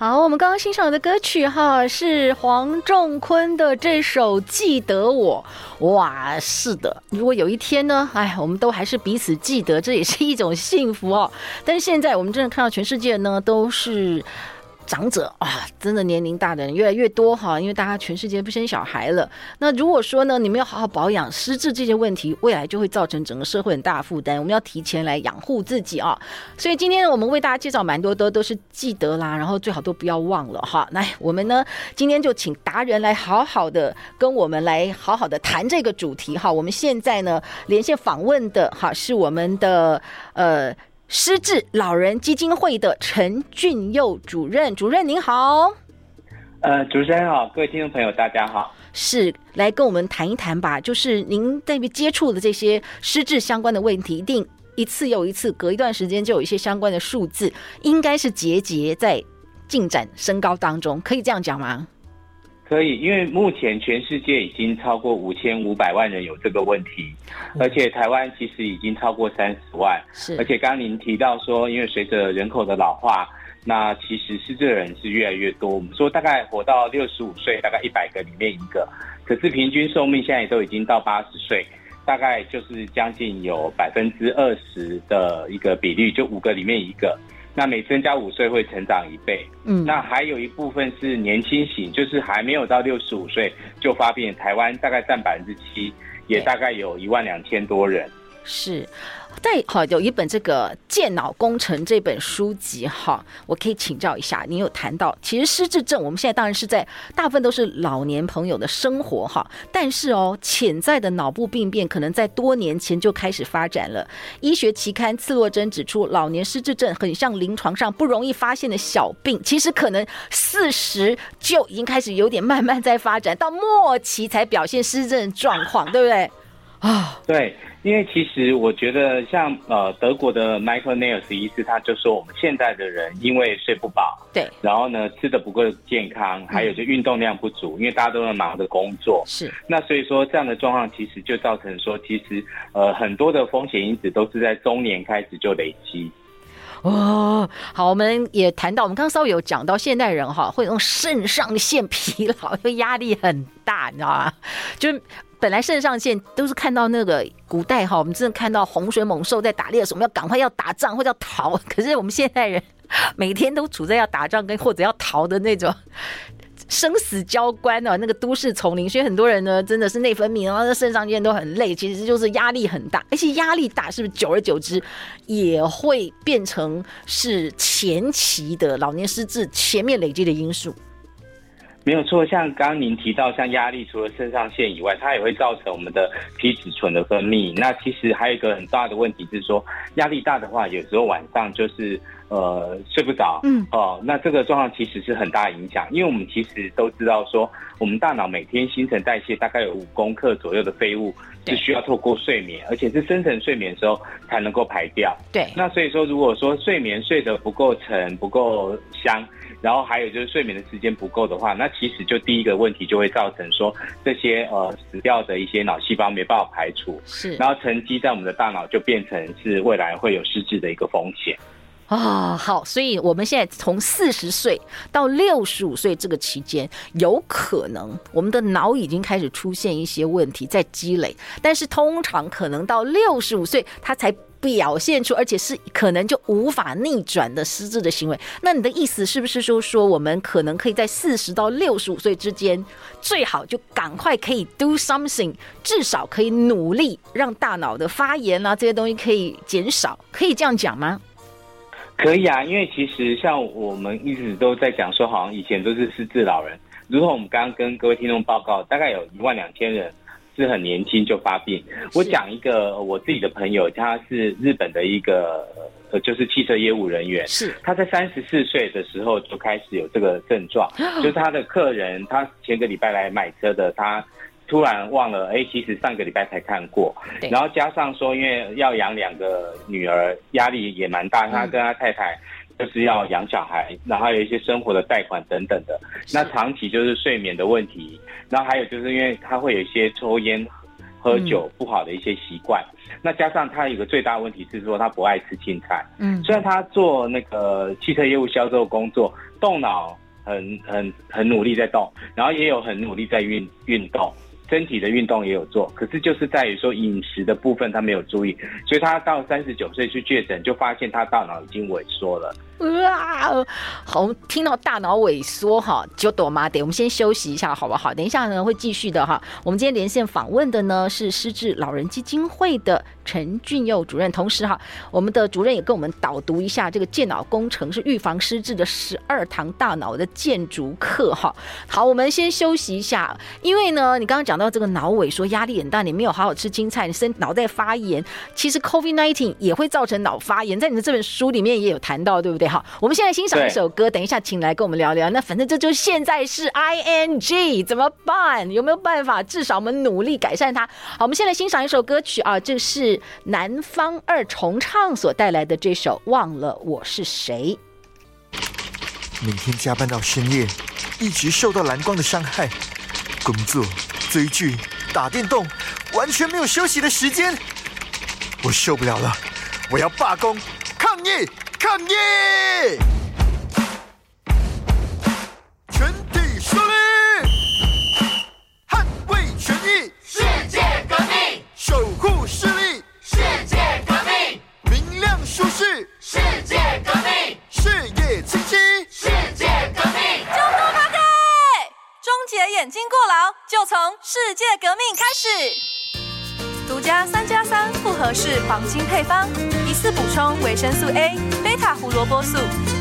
好，我們剛剛欣賞的歌曲哈是黃仲坤的這首《記得我》哇，是的，如果有一天呢，哎，我們都還是彼此記得，這也是一種幸福哦。但是現在我們真的看到全世界呢，都是。長者啊，真的年齡大的人越來越多哈，因為大家全世界不生小孩了。那如果說呢，你們要好好保養，失智這些問題，未來就會造成整個社會很大的負擔。我們要提前來養護自己啊。所以今天我們為大家介紹蠻多的，都是記得啦，然後最好都不要忘了哈。來，我們呢今天就請達人來好好的跟我們來好好的談這個主題哈。我們現在呢連線訪問的哈是我們的呃。失智老人基金會的陳俊佑主任，主任您好。呃，主持人好，各位聽眾朋友，大家好。是，來跟我們談一談吧，就是您在接觸的這些失智相關的問題，一定一次又一次，隔一段時間就有一些相關的數字，應該是節節在進展升高當中，可以這樣講嗎？可以，因為目前全世界已經超過五千五百萬人有這個問題，而且台灣其實已經超過三十萬。是而且剛剛您提到說，因為隨着人口的老化，那其實失智的人是越來越多。我們說大概活到六十五歲，大概一百個裡面一個，可是平均壽命現在都已經到八十歲，大概就是將近有百分之二十的一個比率，就五個裡面一個。那每增加五歲會成長一倍，嗯，那還有一部分是年輕型，就是還沒有到六十五歲就發病，台灣大概占百分之七，也大概有一萬兩千多人。嗯是，但好、哦、有一本這個健腦工程這本書籍哈，我可以請教一下，你有談到，其實失智症我們現在當然是在大部分都是老年朋友的生活哈，但是哦，潛在的腦部病變可能在多年前就開始發展了。醫學期刊《刺胳針》指出，老年失智症很像臨床上不容易發現的小病，其實可能四十就已經開始有點慢慢在發展，到末期才表現失智症狀況，對不對？啊，哦、對，因為其實我覺得像，像呃，德國的 Michael Nehls 醫師他就說，我們現在的人因為睡不飽，對，然後呢，吃得不夠健康，還有就運動量不足，嗯、因為大家都在忙着工作，是。那所以說，這樣的狀況其實就造成說，其實呃，很多的風險因子都是在中年開始就累積。哦，好，我們也談到，我們剛剛稍微有講到現代人哈、哦，會用腎上腺疲勞，因為壓力很大，你知道嗎？就本來腎上腺都是看到那個古代哈、哦，我們真的看到洪水猛獸在打獵的時候，我們要趕快要打仗或者要逃。可是我們現代人每天都處在要打仗跟或者要逃的那種生死交關哦、啊，那個都市叢林，所以很多人呢真的是內分泌那腎上腺都很累，其實就是壓力很大。而且壓力大是不是久而久之也會變成是前期的老年失智前面累積的因素？沒有錯，像剛剛您提到，像壓力，除了腎上腺以外，它也會造成我們的皮質醇的分泌。那其實還有一個很大的問題是說，壓力大的話，有時候晚上就是呃睡不着，嗯哦，那這個狀況其實是很大影響，因為我們其實都知道說，我們大腦每天新陳代謝大概有五公克左右的廢物是需要透過睡眠，對而且是深層睡眠的時候才能夠排掉。對，那所以說，如果說睡眠睡得不夠沉、不夠香。然後還有就是睡眠的時間不夠的話，那其實就第一個問題就會造成說，這些呃死掉的一些腦細胞沒辦法排除，是，然後沉積在我們的大腦就變成是未來會有失智的一個風險啊，哦。好，所以我們現在從四十歲到六十五歲這個期間，有可能我們的腦已經開始出現一些問題在積累，但是通常可能到六十五歲他才。表現出，而且是可能就無法逆轉的失智的行為。那你的意思是不是說說我們可能可以在四十到六十五歲之間，最好就趕快可以 do something，至少可以努力讓大腦的發炎啊這些東西可以減少，可以這樣講嗎？可以啊，因為其實像我們一直都在講說，好像以前都是失智老人，如同我們剛剛跟各位聽眾報告，大概有一萬兩千人。是很年輕就發病。我講一個我自己的朋友，他是日本的一個，呃，就是汽車業務人員。是他在三十四歲的時候就開始有這個症狀，就是他的客人，他前個禮拜來買車的，他突然忘了，哎，其實上個禮拜才看過。然後加上說，因為要養兩個女兒，壓力也蠻大。他跟他太太就是要養小孩，然後有一些生活的貸款等等的，那長期就是睡眠的問題。然後還有就是，因為他會有一些抽煙、喝酒不好的一些習慣，嗯、那加上他有一個最大的問題是說，他不愛吃青菜。嗯，雖然他做那個汽車業務銷售工作，動腦很很很努力在動，然後也有很努力在運運動，身體的運動也有做，可是就是在於說飲食的部分他沒有注意，所以他到三十九歲去確診，就發現他大腦已經萎縮了。哇，好，聽到大腦萎縮哈，就躲媽的。我們先休息一下好不好？等一下呢會繼續的哈。我們今天連線訪問的呢是失智老人基金會的陳俊佑主任，同時哈，我們的主任也跟我們導讀一下這個健腦工程，是預防失智的十二堂大腦的建築課哈。好，我們先休息一下，因為呢，你剛剛講到這個腦萎縮壓力很大，你沒有好好吃青菜，你身腦袋發炎，其實 COVID-19 也會造成腦發炎，在你的這本書裡面也有談到，對不對？好，我們現在欣賞一首歌。對等一下，請來跟我們聊聊。那反正這就現在是 ING 怎麼辦？有沒有辦法？至少我們努力改善它。好，我們現在欣賞一首歌曲啊，就是南方二重唱所帶來的這首《忘了我是誰》。每天加班到深夜，一直受到藍光的傷害，工作、追劇、打電動，完全沒有休息的時間，我受不了了，我要罷工抗議！抗議！Come, yeah! 全體勝利！捍衛權益！世界革命！守護視力！世界革命！明亮舒適！世界革命！視野清晰！世界革命！中末 p a r t 終結眼睛過勞，就從世界革命開始。獨家三加三不合式防金配方，一次補充維生素 A。胡蘿蔔素、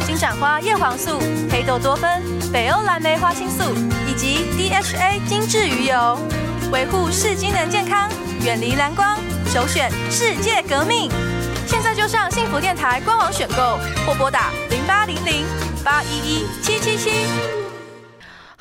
金盞花葉黃素、黑豆多酚、北歐藍莓花青素以及 DHA 精緻魚油，維護視機能健康，遠離藍光，首選世界革命。現在就上幸福電台官網選購，或撥打零八零零八一一七七七。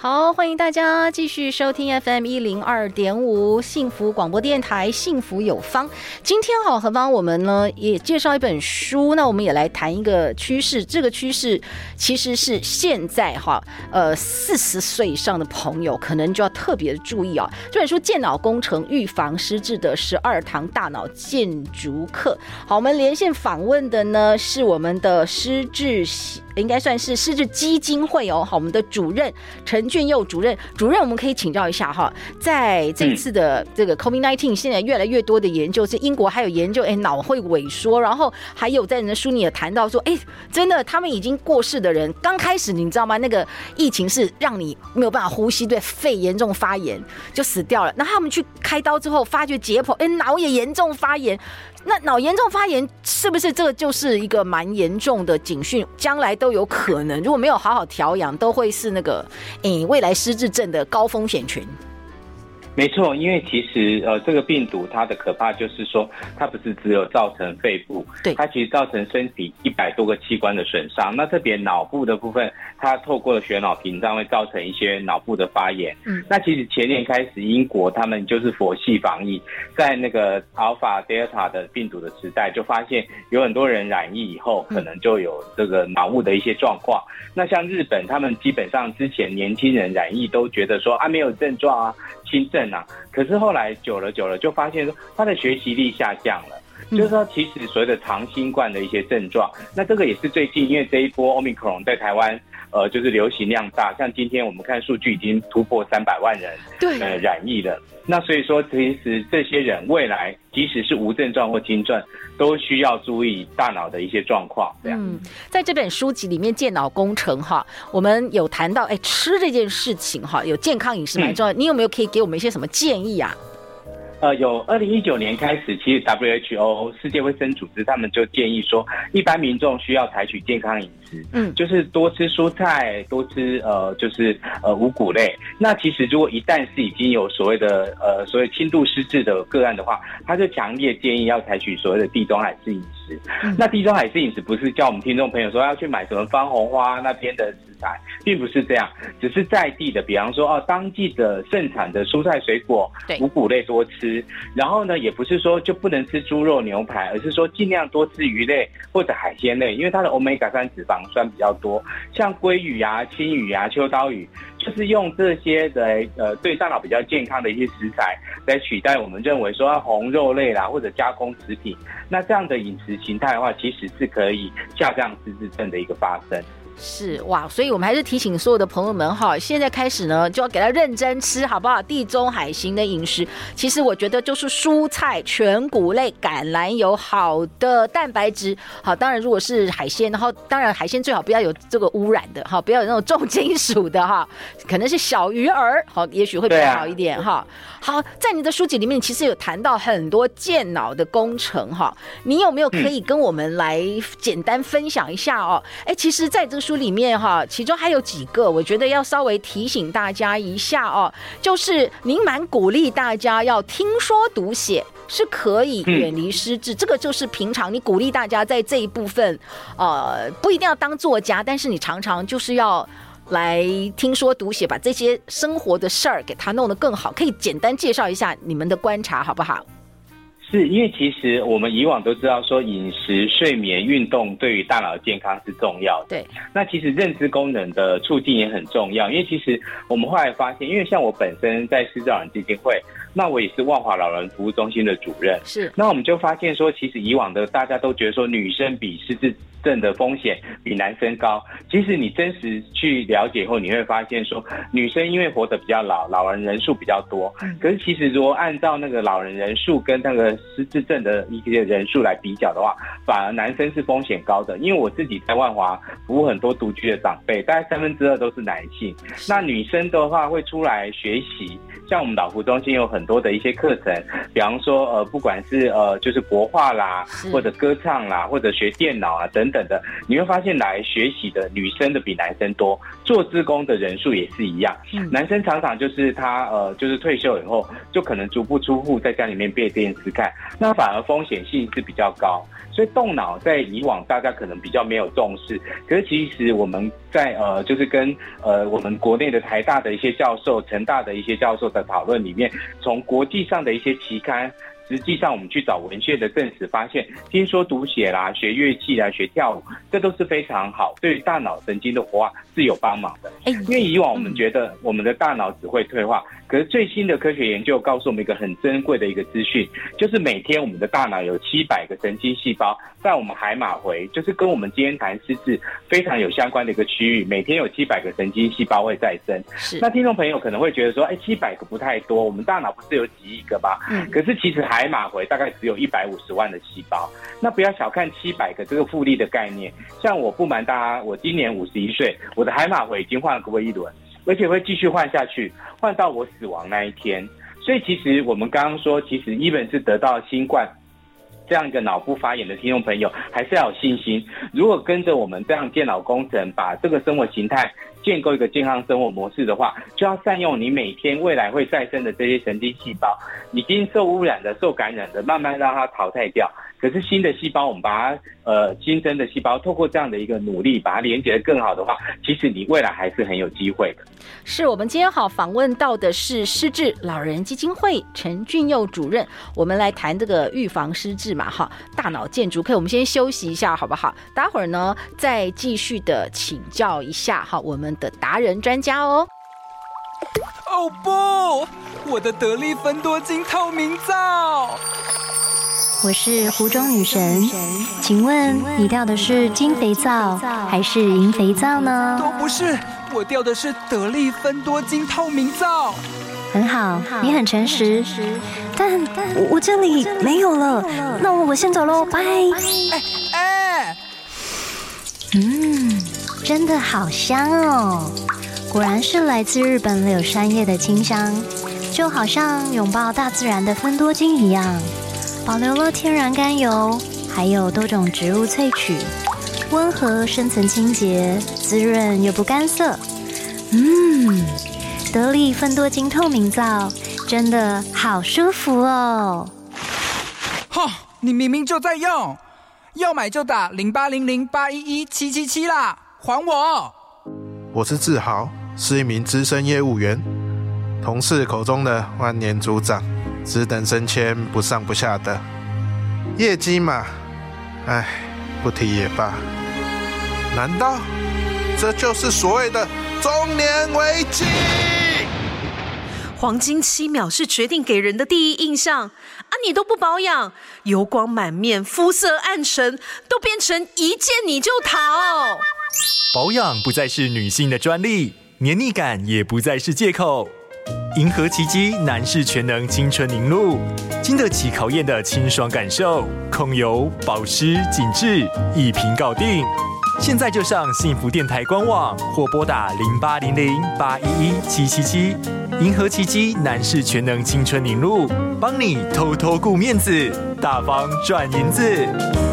好，歡迎大家繼續收聽 FM 一零二點五幸福廣播電臺幸福有方。今天哈，何方我們呢也介紹一本書，那我們也來談一個趨勢。這個趨勢其實是現在哈，呃，四十歲以上的朋友可能就要特別的注意啊。這本書《健腦工程：預防失智的十二堂大腦建築課》。好，我們連線訪問的呢是我們的失智，應該算是失智基金會哦。好，我們的主任陳。俊佑主任，主任，我們可以請教一下哈，在這一次的這個 COVID-19，現在越來越多的研究是英國還有研究，哎，腦會萎縮，然後還有在你的書裡也談到說，哎，真的，他們已經過世的人，剛開始你知道嗎？那個疫情是讓你沒有辦法呼吸，對肺嚴重發炎就死掉了。然後他們去開刀之後，發覺解剖，哎，腦也嚴重發炎。那腦嚴重發炎是不是這個就是一個蠻嚴重的警訊？將來都有可能，如果沒有好好調養，都會是那個，你未來失智症的高風險群。沒錯，因為其實呃，這個病毒它的可怕就是說，它不是只有造成肺部，對，它其實造成身體一百多個器官的損傷。對那特別腦部的部分，它透過了血腦屏障會造成一些腦部的發炎。嗯，那其實前年開始，英國他們就是佛系防疫，在那個 Alpha Delta 的病毒的時代，就發現有很多人染疫以後，可能就有這個腦部的一些狀況。嗯，那像日本，他們基本上之前年輕人染疫都覺得說啊，沒有症狀啊。興奮啊！可是後來久了久了，就發現說他的學習力下降了。就是說，其實所謂的長新冠的一些症狀，嗯、那這個也是最近，因為這一波奧密克戎在台灣，呃，就是流行量大，像今天我們看數據已經突破三百萬人，對，呃，染疫了。對那所以說，其實這些人未來，即使是無症狀或輕症，都需要注意大腦的一些狀況這樣。嗯，在這本書籍裡面，健腦工程哈，我們有談到，哎，吃這件事情哈，有健康飲食蠻重要。嗯、你有沒有可以給我們一些什麼建議啊？呃，有二零一九年開始，其實 WHO 世界衛生組織他們就建議說，一般民眾需要採取健康飲食，嗯，就是多吃蔬菜，多吃呃，就是呃五穀類。那其實如果一旦是已經有所謂的呃所謂輕度失智的個案的話，他就強烈建議要採取所謂的地中海式飲食。嗯、那地中海式飲食不是叫我們聽眾朋友說要去買什麼番紅花那邊的食材，並不是這樣，只是在地的，比方說哦、啊，當季的盛產的蔬菜水果，對，五穀類多吃，然後呢，也不是說就不能吃豬肉牛排，而是說盡量多吃魚類或者海鮮類，因為它的 Omega 3脂肪酸比較多，像鮭魚啊、青魚啊、秋刀魚，就是用這些來呃對大腦比較健康的一些食材來取代我們認為說紅肉類啦或者加工食品，那這樣的飲食。形態的話，其實是可以下降失智症的一個發生。是哇，所以我們還是提醒所有的朋友們哈，現在開始呢就要給他認真吃，好不好？地中海型的飲食，其實我覺得就是蔬菜、全谷類、橄欖油，好的蛋白質。好，當然如果是海鮮，然後當然海鮮最好不要有這個污染的哈，不要有那種重金屬的哈，可能是小魚兒，好，也許會比較好一點哈。啊、好，在你的書籍裡面其實有談到很多健腦的工程哈，你有沒有可以跟我們來簡單分享一下哦？哎、嗯欸，其實在這個。書裡面哈、啊，其中還有幾個，我覺得要稍微提醒大家一下哦、啊，就是您蠻鼓勵大家要聽說讀寫是可以遠離失智，嗯、這個就是平常你鼓勵大家在這一部分，呃，不一定要當作家，但是你常常就是要來聽說讀寫，把這些生活的事兒給它弄得更好，可以簡單介紹一下你們的觀察，好不好？是因為其實我們以往都知道說，飲食、睡眠、運動對於大腦健康是重要的。對，那其實認知功能的促進也很重要。因為其實我們後來發現，因為像我本身在失智老人基金會，那我也是萬華老人服務中心的主任。是，那我們就發現說，其實以往的大家都覺得說女生比失智。症的風險比男生高。其實你真實去了解以後，你會發現說，女生因為活得比較老，老人人數比較多。可是其實如果按照那個老人人數跟那個失智症的一些人數來比較的話，反而男生是風險高的。因為我自己在萬華服務很多獨居的長輩，大概三分之二都是男性。那女生的話會出來學習，像我們老服中心有很多的一些課程，比方說呃，不管是呃就是國畫啦，或者歌唱啦，或者學電腦啊等等，的你會發現來學習的女生的比男生多，做志工的人數也是一樣。嗯、男生常常就是他呃，就是退休以後就可能足不出戶，在家裡面背電視看，那反而風險性是比較高。所以動腦在以往大家可能比較沒有重視，可是其實我們在呃，就是跟呃我們國內的台大的一些教授、成大的一些教授的討論裡面，從國際上的一些期刊。實際上，我們去找文獻的證實，發現聽說讀寫啦、學樂器啦、學跳舞，這都是非常好，對於大腦神經的活化是有幫忙的。哎、欸，因為以往我們覺得我們的大腦只會退化，嗯、可是最新的科學研究告訴我們一個很珍貴的一個資訊，就是每天我們的大腦有七百個神經細胞在我們海馬回，就是跟我們今天談失智非常有相關的一個區域，每天有七百個神經細胞會再生。是，那聽眾朋友可能會覺得說，哎、欸，七百個不太多，我們大腦不是有幾億個嗎？嗯，可是其實還。海馬回大概只有一百五十萬的細胞，那不要小看七百個這個複利的概念。像我不瞞大家，我今年五十一歲，我的海馬回已經換了過一輪，而且會繼續換下去，換到我死亡那一天。所以其實我們剛剛說，其實 Even 是得到新冠。這樣一個腦部發炎的聽眾朋友，還是要有信心。如果跟着我們這樣健腦工程，把這個生活形態建構一個健康生活模式的話，就要善用你每天未來會再生的這些神經細胞，已經受污染的、受感染的，慢慢讓它淘汰掉。可是新的細胞，我們把它呃新生的細胞，透過這樣的一個努力，把它連接的更好的話，其實你未來還是很有機會的。是，我們今天好訪問到的是失智老人基金會陳俊佑主任，我們來談這個預防失智嘛，哈，大腦建築可以，我們先休息一下好不好？待會兒呢再繼續的請教一下哈我們的達人專家哦。哦不，我的得力芬多精透明皂。我是湖中女神，請問你掉的是金肥皂還是銀肥皂呢？都不是，我掉的是得力芬多精透明皂。很好，你很誠實，但但我這裡沒有了，那我先走嘍，拜拜。哎哎，嗯，真的好香哦，果然是來自日本柳杉葉的清香，就好像擁抱大自然的芬多精一樣。保留了天然甘油，還有多種植物萃取，溫和深層清潔，滋潤又不乾澀。嗯，得力芬多精透明皂真的好舒服哦。哈、哦，你明明就在用，要買就打零八零零八一一七七七啦！還我！我是志豪，是一名資深業務員，同事口中的萬年組長。只等升遷，不上不下的業績嘛，哎，不提也罷。難道這就是所謂的中年危機？黃金七秒是決定給人的第一印象啊！你都不保養，油光滿面，膚色暗沉，都變成一見你就逃。保養不再是女性的專利，黏膩感也不再是借口。銀河奇蹟男士全能青春凝露，經得起考驗的清爽感受，控油、保濕、緊致，一瓶搞定。現在就上幸福電台官網或撥打零八零零八一一七七七，銀河奇蹟男士全能青春凝露，幫你偷偷顧面子，大方賺銀子。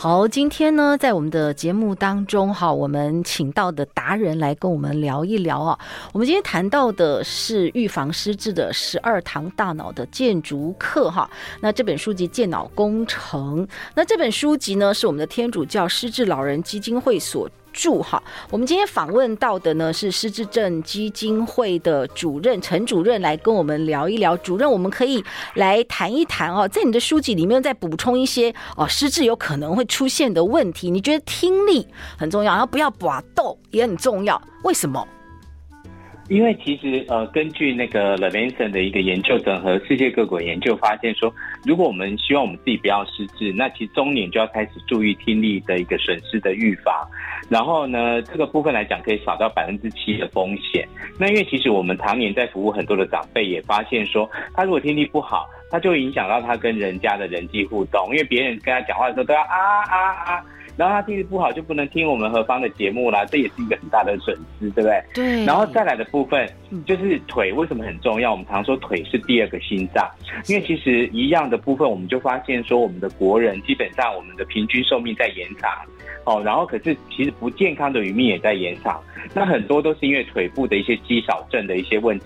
好，今天呢，在我們的節目當中，哈，我們請到的達人來跟我們聊一聊啊。我們今天談到的是預防失智的十二堂大腦的建築課，哈。那這本書籍《健腦工程》，那這本書籍呢，是我們的天主教失智老人基金會所。助哈，我們今天訪問到的呢是失智症基金會的主任陳主任來跟我們聊一聊。主任，我們可以來談一談哦，在你的書籍裡面再補充一些哦，失智有可能會出現的問題。你覺得聽力很重要，然後不要拔豆也很重要，為什麼？因為其實，呃，根據那個 Levenson 的一個研究，整合世界各國研究發現說，如果我們希望我們自己不要失智，那其實中年就要開始注意聽力的一個損失的預防。然後呢，這個部分來講，可以少到百分之七的風險。那因為其實我們常年在服務很多的長輩，也發現說，他如果聽力不好，他就會影響到他跟人家的人際互動，因為別人跟他講話的時候都要啊啊啊，啊。然後他聽力不好，就不能聽我們何方的節目啦。這也是一個很大的損失，對不對？對。然後再來的部分就是腿為什麼很重要？我們常說腿是第二個心臟，因為其實一樣的部分，我們就發現說，我們的國人基本上我們的平均壽命在延長，哦，然後可是其實不健康的餘命也在延長，那很多都是因為腿部的一些肌少症的一些問題。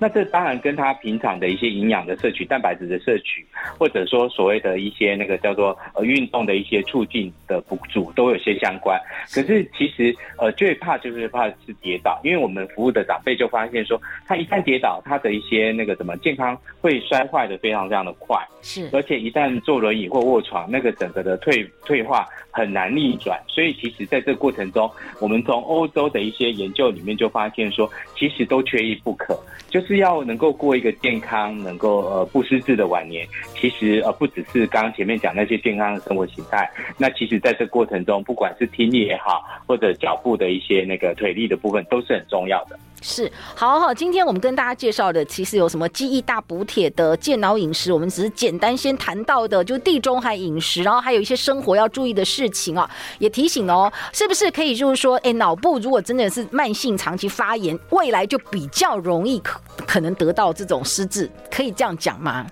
那這當然跟他平常的一些營養的攝取、蛋白質的攝取，或者說所謂的一些那個叫做呃運動的一些促進的補助都有些相關。可是其實呃最怕就是怕是跌倒，因為我們服務的長輩就發現說，他一旦跌倒，他的一些那個怎麼健康會摔壞的非常非常的快。是，而且一旦坐輪椅或臥床，那個整個的退退化很難逆轉。所以其實在這個過程中，我們從歐洲的一些研究裡面就發現說，其實都缺一不可。就是要能夠過一個健康、能夠呃不失智的晚年。其實呃不只是剛剛前面講那些健康的生活形態，那其實在這過程中，不管是聽力也好，或者腳步的一些那個腿力的部分，都是很重要的。是，好好，今天我們跟大家介紹的其實有什麼記憶大補帖的健腦飲食，我們只是簡單先談到的，就地中海飲食，然後還有一些生活要注意的事情啊，也提醒哦，是不是可以就是說，哎、欸，腦部如果真的是慢性長期發炎，未來就比較容易可。可能得到這種失智，可以這樣講嗎？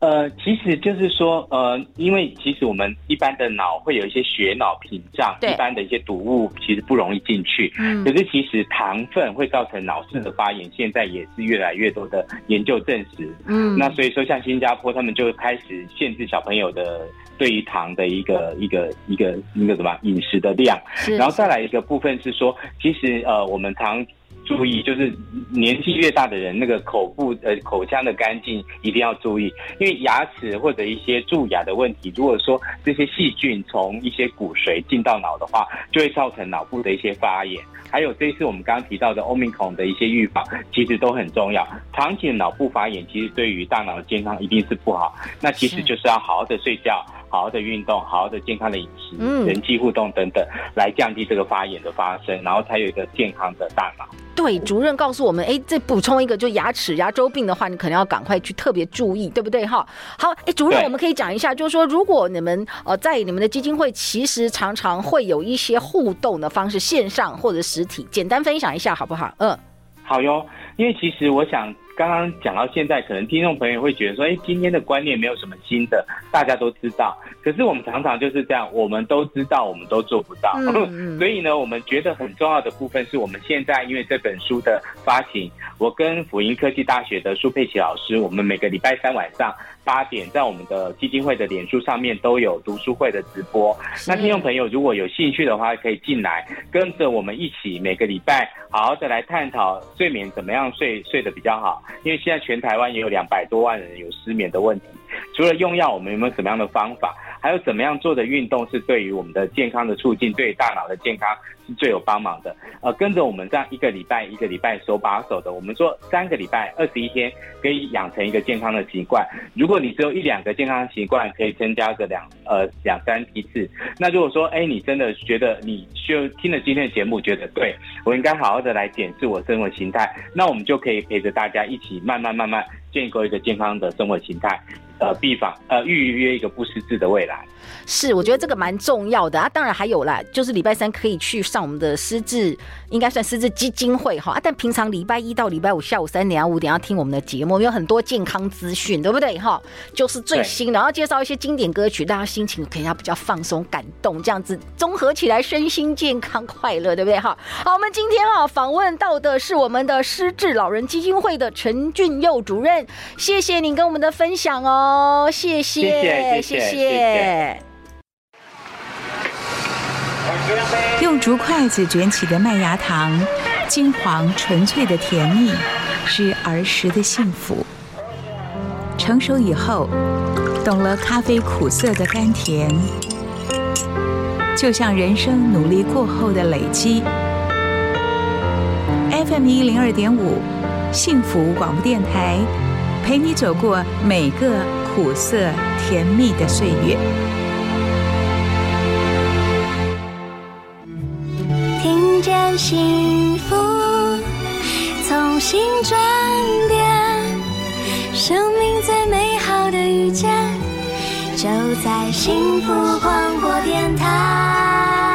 呃，其實就是說，呃，因為其實我們一般的腦會有一些血腦屏障，對一般的一些毒物其實不容易進去。嗯。可是其實糖分會造成腦部的發炎，嗯、現在也是越來越多的研究證實。嗯。那所以說，像新加坡他們就開始限制小朋友的對於糖的一個一個一個一個什麼飲食的量。是是，然後再來一個部分是說，其實呃，我們糖。注意，就是年紀越大的人，那個口部、呃口腔的乾淨一定要注意，因為牙齒或者一些蛀牙的問題，如果說這些細菌從一些骨髓進到腦的話，就會造成腦部的一些發炎。還有這次我們剛剛提到的 Omicron 的一些預防，其實都很重要。長期的腦部發炎，其實對於大腦的健康一定是不好。那其實就是要好好的睡覺。好好的運動，好好的健康的飲食，人際互動等等，來降低這個發炎的發生，然後才有一個健康的大腦。對，主任告訴我們，哎、欸，再補充一個，就牙齒、牙周病的話，你可能要趕快去特別注意，對不對？哈，好，哎、欸，主任，對我們可以講一下，就是說，如果你們呃在你們的基金會，其實常常會有一些互動的方式，線上或者實體，簡單分享一下好不好？嗯，好喲，因為其實我想。剛剛講到現在，可能聽眾朋友會覺得說，哎，今天的觀念沒有什麼新的，大家都知道。可是我們常常就是這樣，我們都知道，我們都做不到。嗯嗯，所以呢，我們覺得很重要的部分是我們現在因為這本書的發行，我跟輔英科技大學的蘇佩奇老師，我們每個禮拜三晚上。八點在我們的基金會的臉書上面都有讀書會的直播，是耶 那聽眾朋友如果有興趣的話，可以進來跟着我們一起每個禮拜好好的來探討睡眠怎麼樣睡睡得比較好，因為現在全台灣也有兩百多萬人有失眠的問題，除了用藥，我們有沒有什麼樣的方法？還有怎麼樣做的運動是對於我們的健康的促進，對大腦的健康是最有幫忙的。呃，跟着我們這樣一個禮拜一個禮拜手把手的，我們說三個禮拜二十一天，可以養成一個健康的習慣。如果你只有一兩個健康習慣，可以增加個兩呃兩三批次。那如果說，哎，你真的覺得你需要聽了今天的節目，覺得對我應該好好的來檢視我生活形態，那我們就可以陪着大家一起慢慢慢慢建構一個健康的生活形態。呃，預防呃，預約一個不失智的未來。是，我覺得這個蠻重要的啊。當然還有啦，就是禮拜三可以去上我們的失智，應該算失智基金會哈。啊，但平常禮拜一到禮拜五下午三點啊五點要聽我們的節目，有很多健康資訊，對不對哈？就是最新的，對然後介紹一些經典歌曲，大家心情肯定要比較放鬆、感動，這樣子綜合起來，身心健康快樂，對不對哈？好，我們今天啊訪問到的是我們的失智老人基金會的陳俊佑主任，謝謝您跟我們的分享哦。哦，謝謝謝謝，謝，謝，謝，謝，用竹筷子捲起的麥芽糖，金黃純粹的甜蜜，是兒時的幸福。成熟以後，懂了咖啡苦澀的甘甜，就像人生努力過後的累積。FM 一零二點五，幸福廣播電台，陪你走過每個。苦澀甜蜜的歲月，聽見幸福重新轉變，生命最美好的遇見就在幸福廣播電台。